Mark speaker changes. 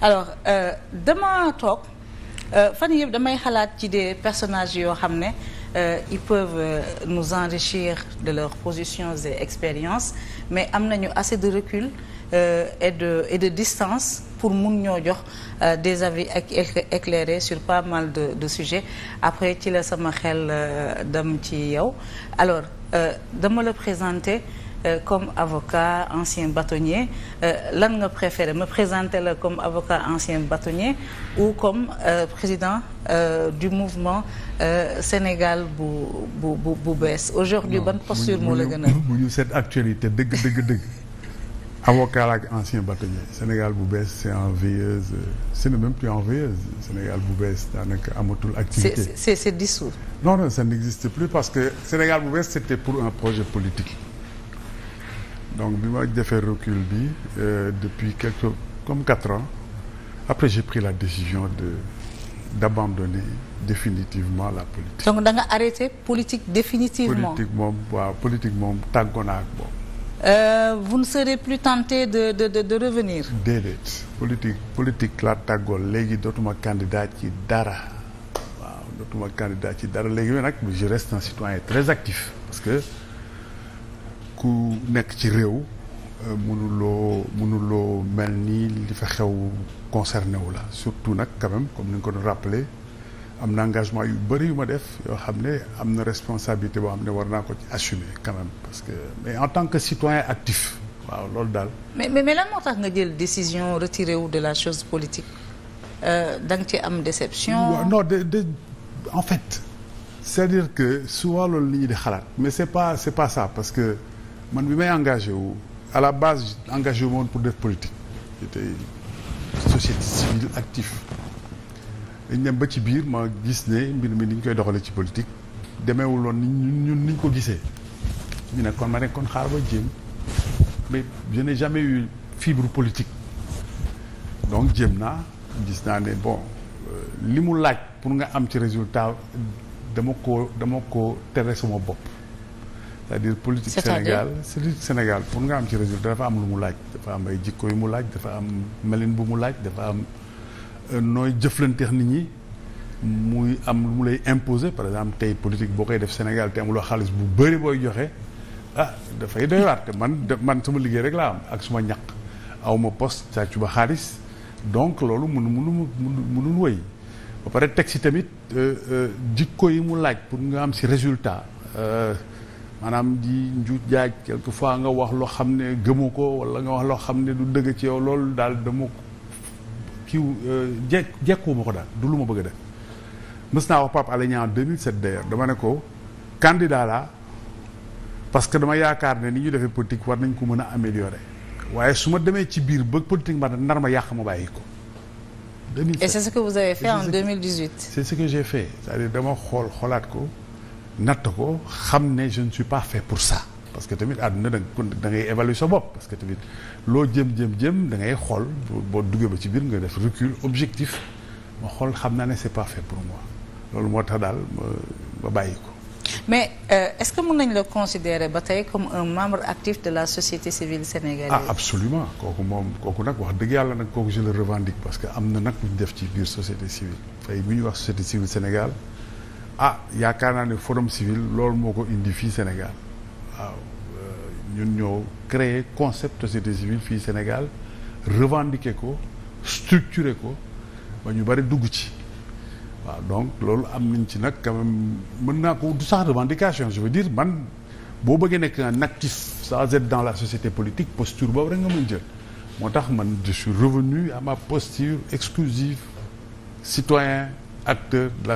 Speaker 1: alors euh, dama toog euh, fan yëpp damay xalaat ci des personnages yoo xam ne euh, ils peuvent nous enrichir de leurs positions et expériences mais am nañu assez de recul et de et de distance pour mun ñoo jox des avis éclairés sur pas mal de de sujets après ci la sama xel dem ci yow alors dama la présenter Euh, comme avocat ancien bâtonnier euh, lan nga préféré me présenter la comme avocat ancien bâtonnier ou comme euh, président du mouvement Sénégal bu bu bu bu bees aujourd'hui ban posture moo la gën a
Speaker 2: bu ñu cette actualité dëgg dëgg dëgg avocat ak ancien bâtonnier Sénégal bu bees c'est en veilleuse c'est ne même plus en veilleuse Sénégal bu bees daanaka amatul activité
Speaker 1: c'est c'est dissous
Speaker 2: non non ça n'existe plus parce que Sénégal bu bees c'était pour un projet politique donc bi ma defee recul bi euh, depuis quelque comme quatre ans après j'ai pris la décision de d'abandonner définitivement la politique.
Speaker 1: donc da nga arrêté politique définitivement.
Speaker 2: politique moom waaw politique moom tàggoo naa ak moom.
Speaker 1: Euh, vous ne serez plus tenté de de revenir.
Speaker 2: déedéet politique politique la tàggoo léegi dootuma candidat ci dara waaw dootuma candidat ci dara léegi nag je reste un citoyen très actif parce que. ku nekk ci réew euh, mënuloo mënuloo mel nii li fa xew concerné wu la surtout nag quand même comme ni nga ko doon rappelé am na engagement yu bëri yu ma def yoo xam ne am na responsabilité boo xam ne war naa ko ci assumer quand même parce que mais en tant que citoyen actif waaw loolu daal.
Speaker 1: mais mais lan moo tax nga jël décision retiré de la chose politique euh, da nga ci am déception. Ouais,
Speaker 2: non de de en fait. c'est-à-dire que souvent loolu la ñuy di xalaat mais c'est pas c'est parce que. man bi may engagé wu à la base engagé wu woon pour def politique j'étais société civile dañ dem ba ci biir ma gis ne mbir mi ni ñu koy doxalee ci politique demeewul woon ni ñun ni ñu ko gisee ñu ne kon ma ne kon xaar ba jéem mais je jamais eu fibre politique donc jéem naa gis naa ne bon euh, li mu laaj pour nga am ci résultat dama ko dama ko tere sama bopp c'est-à-dire politique Sénégal Sénégal pour nga am ci résultat dafa am lu mu laaj dafa am ay jikko yu mu laaj dafa am melin bu mu laaj dafa am euh, nooy jëflanteex nit ñi muy am lu mu lay imposer par exemple tey politique boo koy def Sénégal te amuloo xaalis bu bëri booy joxe ah dafay doy waar te man suma liggéey rek laa am ak suma ñaq aw ma poste sàccu ba xaalis donc loolu mënu mënu mënul wëy ba pare teg si tamit euh, euh, jikko yi mu laaj pour nga am si résultat maanaam di njuuj jaaj quelque fois nga wax loo xam ne gëmu ko wala nga wax loo xam ne du dëgg ci yow loolu daal dama kiw euh, jekk jekkuwuma ko daal du lu ma bëgg a def mës naa wax Pape Alé Niang en 2007 d'ailleurs dama ne ko candidat la parce que dama yaakaar ne ni ñu defee politique war nañ ko mën a améliorer waaye su ma demee ci biir ba politique ma nar ma yàq ma bàyyi ko. 2007 et c'est ce que vous avez fait en 2018. c'est ce que j'ai fait c'est-à-dire dama xool xoolaat ko. natt ko xam ne je ne suis pas fait pour ça parce que tamit àdduna da da ngay évaluer sa bopp parce que tamit loo jëm jëm jëm da ngay xool boo duggee ba ci biir nga def recul objectif ma xool xam naa ne c'est pas fait pour moi loolu moo tax daal ma bàyyi ko.
Speaker 1: mais euh, est-ce que mën nañ la considérer ba tey comme un membre actif de la société civile sénégalaise. ah
Speaker 2: absolument kooku moom kooku nag wax dëgg yàlla nag kooku je le revendique parce que am na nag lu def ci biir société civile fay bu ñuy wax société Sénégal. ah yaakaar naa ne forum civil loolu moo ko indi fii Sénégal waaw euh, ñun ñoo créer concept société civile fii Sénégal revendiquer ko structurer ko ba ñu bari dugg ci waaw donc loolu am nañ ci nag quand mën naa ko du sax revendication je veux dire man boo bëggee nekk un actif sans être dans la société politique posture boobu rek nga mën jël moo tax man je suis revenu à ma posture exclusive citoyen acteur de la